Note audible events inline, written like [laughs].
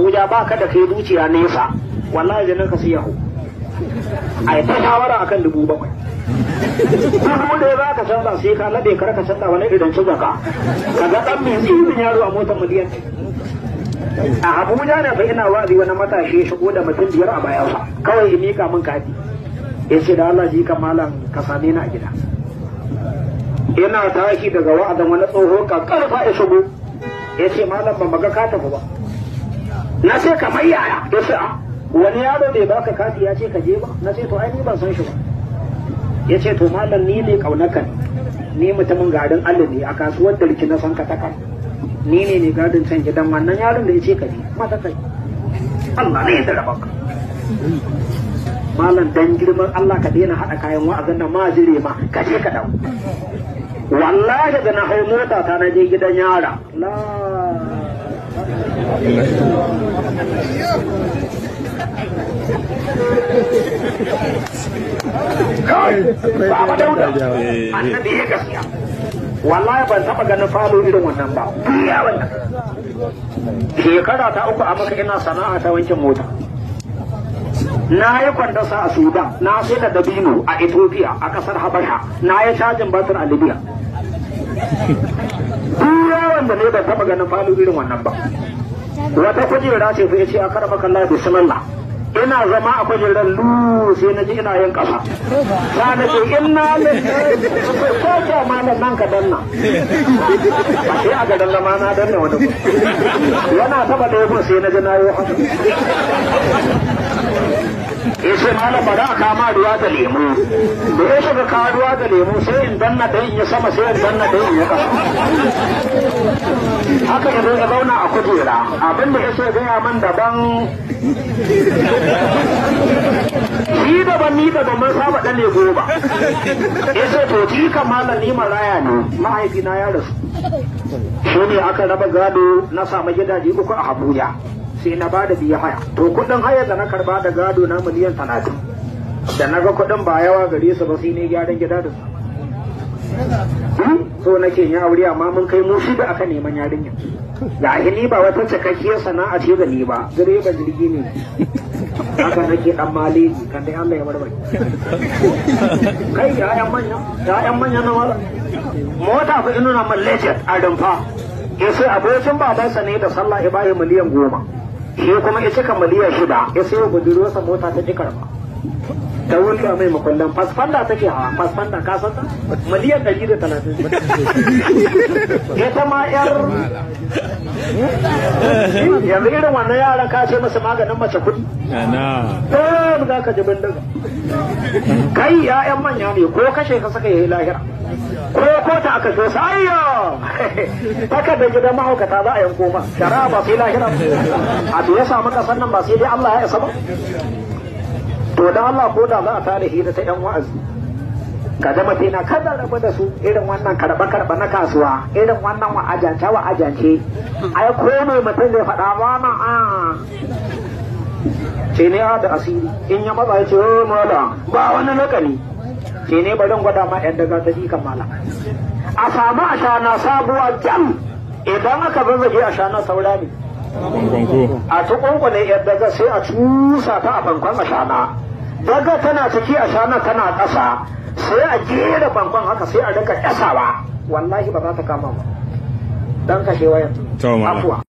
Abuja ba ka da kai zuciya nesa wallahi zanen ka sai yahu a yi ta shawara a kan dubu bakwai kuma da za ka canza sai ka laɗe kar ka canza wani idan ci zaka ka ga ɗan mai tsirin yaro a motar miliyan a Abuja ne fa ina wazi wani matashi ya shigo da mutum biyar a bayansa kawai ya mika min kati ya ce da Allah ji ka malam ka same ni a gida ina tashi daga wa'azin wani tsoho ka karfa ya shigo ya ce malam ban maga ka tafi ba na ce mai yaya ya a ah, wani yaro bai baka kati ya ce ka je ba na ce to ai ni ban san shi ba ya ce to malam ni ne kaunakan ni mutumin garin Allah ne a kasuwar darki na san ka taka ni ne ne gadin can gidan wannan yaron da ya ce ka je mata kai Allah ne ya da rabaka malam dan girman Allah ka daina hada kayan wa'azin nan ma jire ma ka je ka dawo wallahi da na hau mota ta na je gidan yara la Eh, eh. Wallahi ban taɓa ganin falo irin wannan ba, duniya wannan. Shekara ta uku a maka ina sana'a ta wankin mota. na yi kwandasa a sudan na sai da dabino a ethiopia a kasar habasha na yi cajin batir a libya iya wanda ne ban taba ganin falo irin wannan ba wata kujera ce sai ce a karfa kalla bismillah ina zama a kujerar lu sai na ji ina yin kasa ta na ce ina ne ko nan ka danna a sai a na danna wani yana sai na ji na yi ya ce malam ba za a kama ruwa da lemu da ya shiga kawo ruwa da lemu sai in danna da in ya sama sai in danna da in ya kasa haka da zai zauna a kujera abinda ya so gaya man daban shi daban ni daban mun saba dan ne goma ya ce to ji malam ni maraya ne mahaifina ya rasu shi ne aka raba gado na samu gidaje uku a Abuja sai na bada biya haya to kudin haya da na karba da gado na miliyan talatin da na ga kudin ba yawa gare su ba sai ne gyaran gida da su hmm? so nake yin aure amma mun kai mu da aka neman yarinya yi ni ba wata cikakkiyar sana'a ce da ni ba direban jirgi ne haka nake dan mali kan dai Allah ya barbare kai ya ayan manya ya ayan manya na wala mota fa inuna man legend a rumfa yace abokin babansa ne da sallah ibrahim miliyan goma shi kuma ya cika miliyan shida ya sayo budurwarsa mota ta jikar ba ta wulka mai makullan fasfanda take hawa fasfanda ka san ta miliyan 130 ita ma yar yanzu irin wannan yaran ka ce masa maganin mace kuɗi ɗan za ka ji bindiga kai ya'yan manya ne ko kashe ka saka yayi lahira ko ko ta aka so ayyo [laughs] taka da gidan mahaukata za a yanko ma shara ba sai lahira a to ya samu kasan nan ba sai dai Allah ya isa ba to da Allah ko da za a tare hira ta yan wa'azi ka zama na kada raba da su irin wannan karba karba na kasuwa irin wannan wa ajance wa ajance ai ko mai mutum zai faɗa ba ma a ce ne da asiri in ya matsa ya ce oh mala ba wani lokali ce ne bari gwada ma yan daga ta jikan mala a samu ashana sabuwa jam idan aka zazzage ashana saura ne a tukunkune yadda sai a cusa ta a bankon na daga tana ciki a shana tana ƙasa sai a jera bankon haka sai a rika ƙasawa wallahi ba za ta kama ba dan kashewa yanzu afuwa